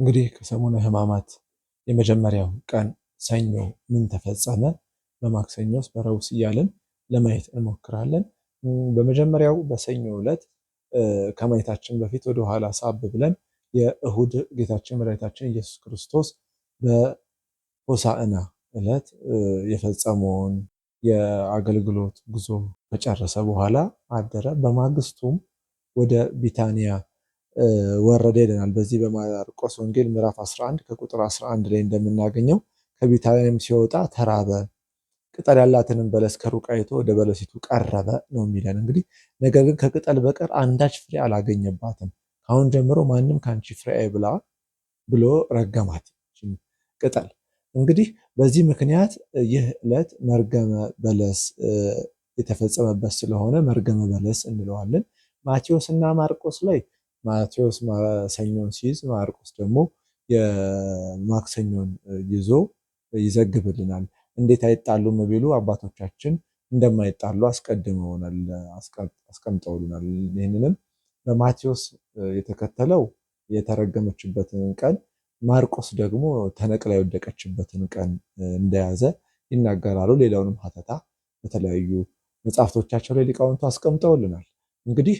እንግዲህ ከሰሙነ ሕማማት የመጀመሪያው ቀን ሰኞ ምን ተፈጸመ፣ በማክሰኞስ፣ በረቡዕስ እያልን ለማየት እንሞክራለን። በመጀመሪያው በሰኞ ዕለት ከማየታችን በፊት ወደ ኋላ ሳብ ብለን የእሁድ ጌታችን መድኃኒታችን ኢየሱስ ክርስቶስ በሆሳዕና ዕለት የፈጸመውን የአገልግሎት ጉዞ ከጨረሰ በኋላ አደረ። በማግስቱም ወደ ቢታንያ ወረደ ይለናል። በዚህ በማርቆስ ወንጌል ምዕራፍ 11 ከቁጥር 11 ላይ እንደምናገኘው ከቢታንያም ሲወጣ ተራበ፣ ቅጠል ያላትንም በለስ ከሩቅ አይቶ ወደ በለሲቱ ቀረበ ነው የሚለን። እንግዲህ ነገር ግን ከቅጠል በቀር አንዳች ፍሬ አላገኘባትም። ከአሁን ጀምሮ ማንም ከአንቺ ፍሬ አይብላ ብሎ ረገማት ቅጠል። እንግዲህ በዚህ ምክንያት ይህ ዕለት መርገመ በለስ የተፈጸመበት ስለሆነ መርገመ በለስ እንለዋለን። ማቴዎስ እና ማርቆስ ላይ ማቴዎስ ሰኞን ሲይዝ ማርቆስ ደግሞ የማክሰኞን ይዞ ይዘግብልናል። እንዴት አይጣሉም ቢሉ አባቶቻችን እንደማይጣሉ አስቀድመውናል፣ አስቀምጠውልናል። ይህንንም በማቴዎስ የተከተለው የተረገመችበትን ቀን ማርቆስ ደግሞ ተነቅላ የወደቀችበትን ቀን እንደያዘ ይናገራሉ። ሌላውንም ሀተታ በተለያዩ መጽሐፍቶቻቸው ላይ ሊቃውንቱ አስቀምጠውልናል። እንግዲህ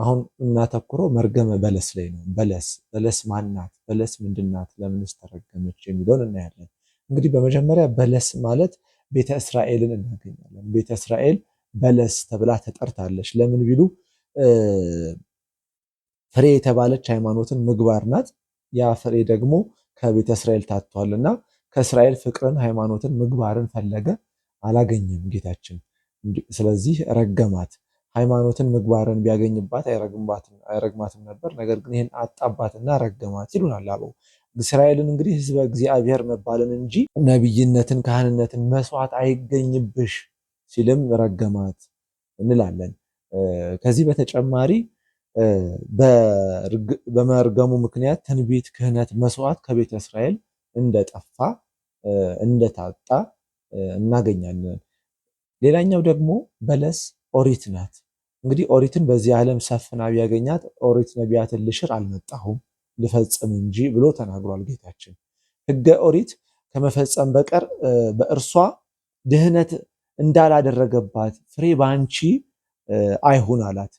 አሁን እናተኩረው መርገመ በለስ ላይ ነው። በለስ በለስ ማናት? በለስ ምንድናት? ለምንስ ተረገመች? የሚለውን እናያለን። እንግዲህ በመጀመሪያ በለስ ማለት ቤተ እስራኤልን እናገኛለን። ቤተ እስራኤል በለስ ተብላ ተጠርታለች። ለምን ቢሉ ፍሬ የተባለች ሃይማኖትን ምግባር ናት። ያ ፍሬ ደግሞ ከቤተ እስራኤል ታጥቷል እና ከእስራኤል ፍቅርን፣ ሃይማኖትን፣ ምግባርን ፈለገ አላገኘም ጌታችን። ስለዚህ ረገማት። ሃይማኖትን ምግባርን ቢያገኝባት አይረግማትም ነበር። ነገር ግን ይህን አጣባትና ረገማት ይሉናል አበው። እስራኤልን እንግዲህ ህዝበ እግዚአብሔር መባልን እንጂ ነቢይነትን፣ ካህንነትን መስዋዕት አይገኝብሽ ሲልም ረገማት እንላለን። ከዚህ በተጨማሪ በመርገሙ ምክንያት ትንቢት፣ ክህነት፣ መስዋዕት ከቤተ እስራኤል እንደጠፋ እንደታጣ እናገኛለን። ሌላኛው ደግሞ በለስ ኦሪት ናት። እንግዲህ ኦሪትን በዚህ ዓለም ሰፍና ቢያገኛት ኦሪት ነቢያትን ልሽር አልመጣሁም ልፈጽም እንጂ ብሎ ተናግሯል ጌታችን። ሕገ ኦሪት ከመፈጸም በቀር በእርሷ ድህነት እንዳላደረገባት ፍሬ በአንቺ አይሁን አላት።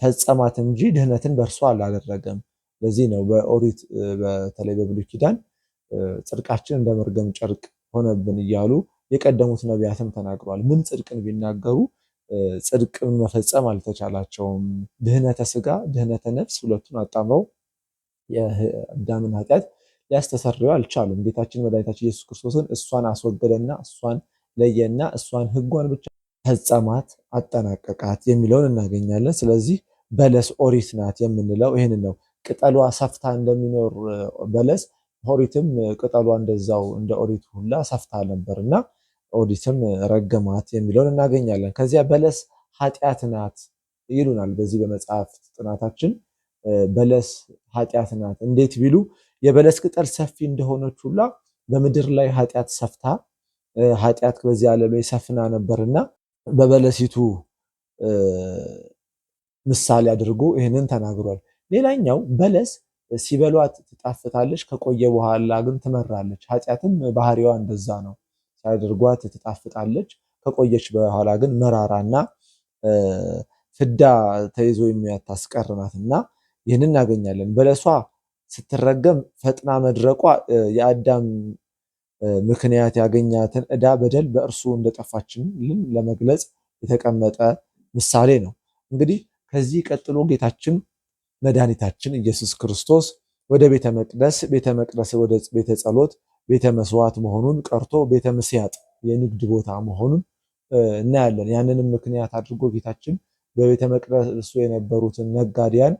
ፈጸማት እንጂ ድህነትን በእርሷ አላደረገም። ለዚህ ነው በኦሪት በተለይ በብሉይ ኪዳን ጽድቃችን እንደ መርገም ጨርቅ ሆነብን እያሉ የቀደሙት ነቢያትም ተናግረዋል። ምን ጽድቅን ቢናገሩ ጽድቅን መፈጸም አልተቻላቸውም። ድህነተ ስጋ፣ ድህነተ ነፍስ ሁለቱን አጣምረው የአዳምን ኃጢአት ሊያስተሰርዩ አልቻሉም። ጌታችን መድኃኒታችን ኢየሱስ ክርስቶስን እሷን አስወገደና እሷን ለየና እሷን ህጓን ብቻ ፈጸማት፣ አጠናቀቃት የሚለውን እናገኛለን። ስለዚህ በለስ ኦሪት ናት የምንለው ይህንን ነው። ቅጠሏ ሰፍታ እንደሚኖር በለስ ኦሪትም ቅጠሏ እንደዛው እንደ ኦሪት ሁላ ሰፍታ ነበር እና ኦዲትም ረገማት የሚለውን እናገኛለን። ከዚያ በለስ ኃጢአት ናት ይሉናል። በዚህ በመጽሐፍ ጥናታችን በለስ ኃጢአት ናት እንዴት ቢሉ የበለስ ቅጠል ሰፊ እንደሆነች ሁላ በምድር ላይ ኃጢአት ሰፍታ ኃጢአት በዚህ ዓለም ላይ ሰፍና ነበርና በበለሲቱ ምሳሌ አድርጎ ይህንን ተናግሯል። ሌላኛው በለስ ሲበሏት ትጣፍታለች ከቆየ በኋላ ግን ትመራለች። ኃጢአትም ባህሪዋ እንደዛ ነው። ሲያደርጓት ትጣፍጣለች። ከቆየች በኋላ ግን መራራና ፍዳ ተይዞ የሚያታስቀር ናት እና ይህንን እናገኛለን። በለሷ ስትረገም ፈጥና መድረቋ የአዳም ምክንያት ያገኛትን እዳ በደል በእርሱ እንደጠፋችን ለመግለጽ የተቀመጠ ምሳሌ ነው። እንግዲህ ከዚህ ቀጥሎ ጌታችን መድኃኒታችን ኢየሱስ ክርስቶስ ወደ ቤተ መቅደስ ቤተ መቅደስ ወደ ቤተ ጸሎት ቤተ መስዋዕት መሆኑን ቀርቶ ቤተ መስያጥ የንግድ ቦታ መሆኑን እናያለን። ያንንም ምክንያት አድርጎ ጌታችን በቤተ መቅደሱ የነበሩትን ነጋዴያን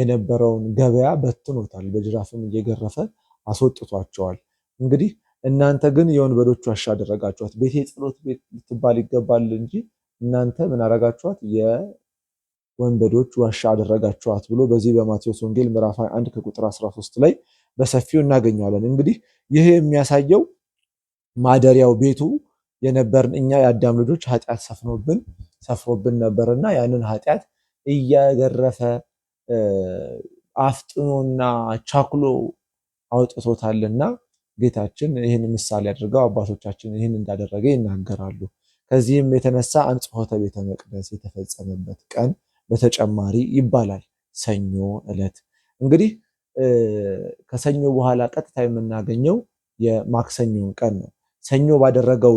የነበረውን ገበያ በትኖታል፣ በጅራፍም እየገረፈ አስወጥቷቸዋል። እንግዲህ እናንተ ግን የወንበዶች ዋሻ አደረጋችኋት፣ ቤቴ ጸሎት ቤት ልትባል ይገባል እንጂ እናንተ ምን አደረጋችኋት? የወንበዶች ዋሻ አደረጋችኋት ብሎ በዚህ በማቴዎስ ወንጌል ምዕራፍ 1 ከቁጥር 13 ላይ በሰፊው እናገኘዋለን። እንግዲህ ይህ የሚያሳየው ማደሪያው ቤቱ የነበርን እኛ የአዳም ልጆች ኃጢአት ሰፍኖብን ሰፍሮብን ነበርና ያንን ኃጢአት እያገረፈ አፍጥኖና ቻክሎ አውጥቶታልና ጌታችን ይህን ምሳሌ አድርገው አባቶቻችን ይህን እንዳደረገ ይናገራሉ። ከዚህም የተነሳ አንጽሖተ ቤተ መቅደስ የተፈጸመበት ቀን በተጨማሪ ይባላል ሰኞ ዕለት እንግዲህ ከሰኞ በኋላ ቀጥታ የምናገኘው የማክሰኞን ቀን ነው። ሰኞ ባደረገው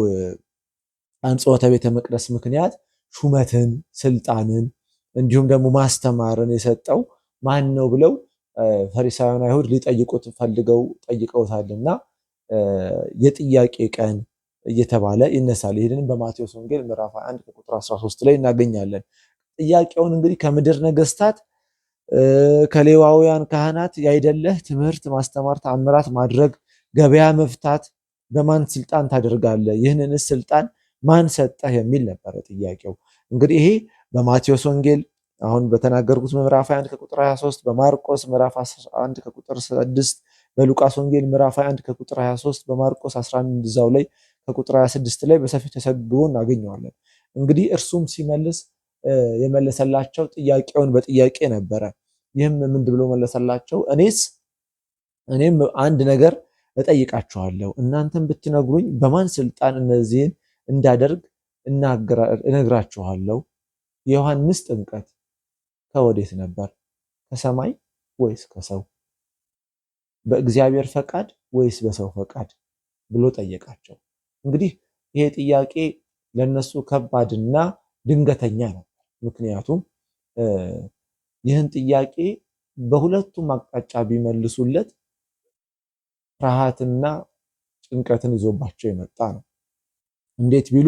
አንጽሖተ ቤተ መቅደስ ምክንያት ሹመትን፣ ስልጣንን እንዲሁም ደግሞ ማስተማርን የሰጠው ማን ነው ብለው ፈሪሳውያን አይሁድ ሊጠይቁት ፈልገው ጠይቀውታልና የጥያቄ ቀን እየተባለ ይነሳል። ይህንን በማቴዎስ ወንጌል ምዕራፍ 21 ቁጥር 13 ላይ እናገኛለን። ጥያቄውን እንግዲህ ከምድር ነገስታት ከሌዋውያን ካህናት ያይደለህ ትምህርት ማስተማር፣ ተአምራት ማድረግ፣ ገበያ መፍታት በማን ስልጣን ታደርጋለህ? ይህንንስ ስልጣን ማን ሰጠህ? የሚል ነበረ ጥያቄው። እንግዲህ ይሄ በማቴዎስ ወንጌል አሁን በተናገርኩት ምዕራፍ 21 ከቁጥር 23፣ በማርቆስ ምዕራፍ 11 ከቁጥር 6፣ በሉቃስ ወንጌል ምዕራፍ 21 ከቁጥር 23፣ በማርቆስ 11 እዛው ላይ ከቁጥር 26 ላይ በሰፊው ተሰግቦ እናገኘዋለን። እንግዲህ እርሱም ሲመልስ የመለሰላቸው ጥያቄውን በጥያቄ ነበረ። ይህም ምንድ ብሎ መለሰላቸው? እኔስ እኔም አንድ ነገር እጠይቃችኋለሁ፣ እናንተም ብትነግሩኝ በማን ስልጣን እነዚህን እንዳደርግ እነግራችኋለሁ። የዮሐንስ ጥምቀት ከወዴት ነበር? ከሰማይ ወይስ ከሰው? በእግዚአብሔር ፈቃድ ወይስ በሰው ፈቃድ ብሎ ጠየቃቸው። እንግዲህ ይሄ ጥያቄ ለነሱ ከባድና ድንገተኛ ነው። ምክንያቱም ይህን ጥያቄ በሁለቱም አቅጣጫ ቢመልሱለት ፍርሃትና ጭንቀትን ይዞባቸው የመጣ ነው። እንዴት ቢሉ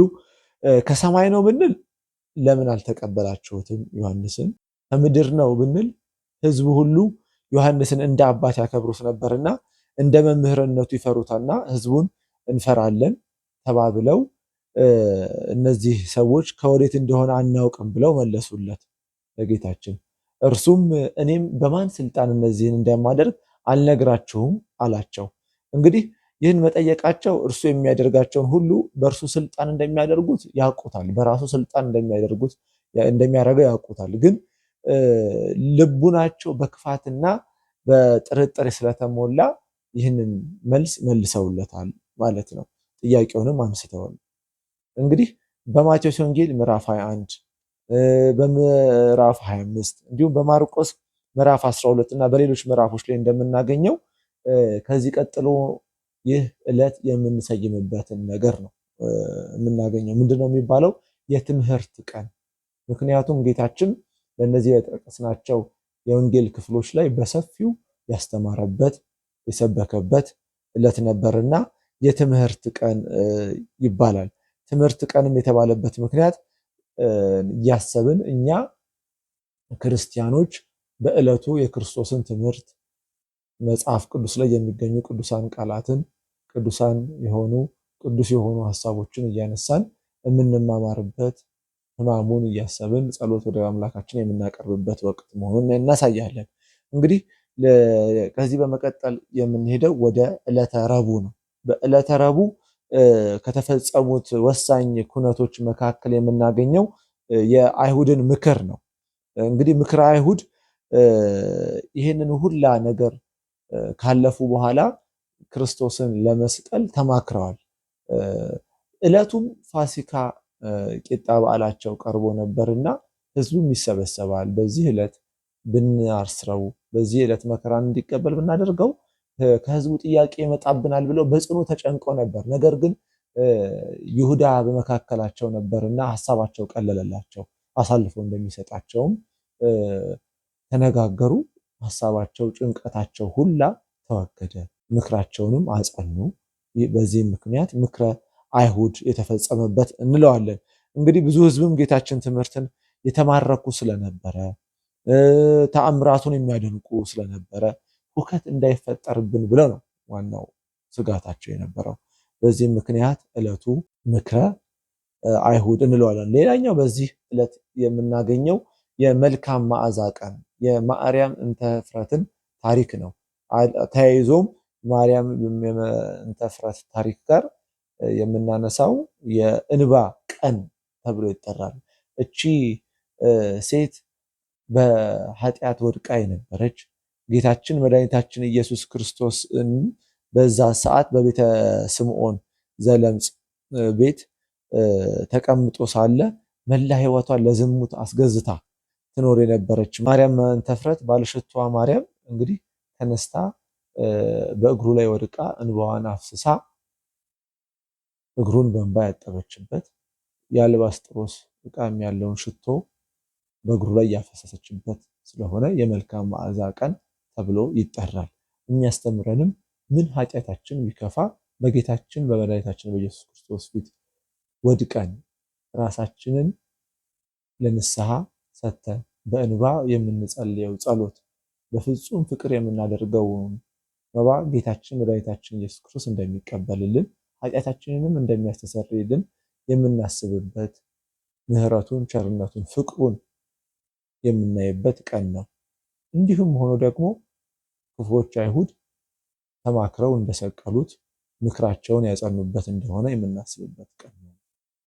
ከሰማይ ነው ብንል ለምን አልተቀበላችሁትም ዮሐንስን? ከምድር ነው ብንል ህዝቡ ሁሉ ዮሐንስን እንደ አባት ያከብሩት ነበርና እንደ መምህርነቱ ይፈሩታልና ህዝቡን እንፈራለን ተባብለው እነዚህ ሰዎች ከወዴት እንደሆነ አናውቅም ብለው መለሱለት ለጌታችን። እርሱም እኔም በማን ስልጣን እነዚህን እንደማደርግ አልነግራችሁም አላቸው። እንግዲህ ይህን መጠየቃቸው እርሱ የሚያደርጋቸውን ሁሉ በእርሱ ስልጣን እንደሚያደርጉት ያውቁታል፣ በራሱ ስልጣን እንደሚያደርጉት እንደሚያደርገው ያውቁታል። ግን ልቡናቸው በክፋትና በጥርጥር ስለተሞላ ይህንን መልስ መልሰውለታል ማለት ነው። ጥያቄውንም አንስተዋል። እንግዲህ በማቴዎስ ወንጌል ምዕራፍ 21 በምዕራፍ 25 እንዲሁም በማርቆስ ምዕራፍ 12 እና በሌሎች ምዕራፎች ላይ እንደምናገኘው ከዚህ ቀጥሎ ይህ ዕለት የምንሰይምበትን ነገር ነው የምናገኘው። ምንድነው የሚባለው? የትምህርት ቀን። ምክንያቱም ጌታችን በእነዚህ የጠቀስናቸው የወንጌል ክፍሎች ላይ በሰፊው ያስተማረበት የሰበከበት ዕለት ነበርና የትምህርት ቀን ይባላል። ትምህርት ቀንም የተባለበት ምክንያት እያሰብን እኛ ክርስቲያኖች በዕለቱ የክርስቶስን ትምህርት መጽሐፍ ቅዱስ ላይ የሚገኙ ቅዱሳን ቃላትን ቅዱሳን የሆኑ ቅዱስ የሆኑ ሀሳቦችን እያነሳን የምንማማርበት ሕማሙን እያሰብን ጸሎት ወደ አምላካችን የምናቀርብበት ወቅት መሆኑን እናሳያለን። እንግዲህ ከዚህ በመቀጠል የምንሄደው ወደ ዕለተ ረቡዕ ነው። በዕለተ ረቡዕ ከተፈጸሙት ወሳኝ ኩነቶች መካከል የምናገኘው የአይሁድን ምክር ነው። እንግዲህ ምክር አይሁድ ይህንን ሁላ ነገር ካለፉ በኋላ ክርስቶስን ለመስቀል ተማክረዋል። ዕለቱም ፋሲካ ቂጣ በዓላቸው ቀርቦ ነበርና ህዝቡም ይሰበሰባል። በዚህ ዕለት ብናርስረው፣ በዚህ ዕለት መከራን እንዲቀበል ብናደርገው ከህዝቡ ጥያቄ ይመጣብናል ብለው በጽኑ ተጨንቆ ነበር። ነገር ግን ይሁዳ በመካከላቸው ነበር እና ሀሳባቸው ቀለለላቸው። አሳልፎ እንደሚሰጣቸውም ተነጋገሩ። ሀሳባቸው፣ ጭንቀታቸው ሁላ ተወገደ። ምክራቸውንም አጸኑ። በዚህም ምክንያት ምክረ አይሁድ የተፈጸመበት እንለዋለን። እንግዲህ ብዙ ህዝብም ጌታችን ትምህርትን የተማረኩ ስለነበረ ተአምራቱን የሚያደንቁ ስለነበረ ሁከት እንዳይፈጠርብን ብለው ነው ዋናው ስጋታቸው የነበረው። በዚህም ምክንያት ዕለቱ ምክረ አይሁድ እንለዋለን። ሌላኛው በዚህ ዕለት የምናገኘው የመልካም ማዕዛ ቀን የማርያም እንተፍረትን ታሪክ ነው። ተያይዞም ማርያም እንተፍረት ታሪክ ጋር የምናነሳው የእንባ ቀን ተብሎ ይጠራል። እቺ ሴት በኃጢአት ወድቃ የነበረች ጌታችን መድኃኒታችን ኢየሱስ ክርስቶስን በዛ ሰዓት በቤተ ስምዖን ዘለምጽ ቤት ተቀምጦ ሳለ መላ ሕይወቷን ለዝሙት አስገዝታ ትኖር የነበረች ማርያም መንተፍረት ባለሽቷ ማርያም እንግዲህ ተነስታ በእግሩ ላይ ወድቃ እንባዋን አፍስሳ እግሩን በእንባ ያጠበችበት የአልባስጥሮስ ዕቃም ያለውን ሽቶ በእግሩ ላይ ያፈሰሰችበት ስለሆነ የመልካም መዓዛ ቀን ተብሎ ይጠራል። የሚያስተምረንም ምን ኃጢአታችን ቢከፋ በጌታችን በመድኃኒታችን በኢየሱስ ክርስቶስ ፊት ወድቀን ራሳችንን ለንስሐ ሰጥተን በእንባ የምንጸልየው ጸሎት በፍጹም ፍቅር የምናደርገውን መባ ጌታችን መድኃኒታችን ኢየሱስ ክርስቶስ እንደሚቀበልልን ኃጢአታችንንም እንደሚያስተሰርይልን የምናስብበት ምሕረቱን፣ ቸርነቱን፣ ፍቅሩን የምናይበት ቀን ነው። እንዲሁም ሆኖ ደግሞ ክፉዎች አይሁድ ተማክረው እንደሰቀሉት ምክራቸውን ያጸኑበት እንደሆነ የምናስብበት ቀን ነው።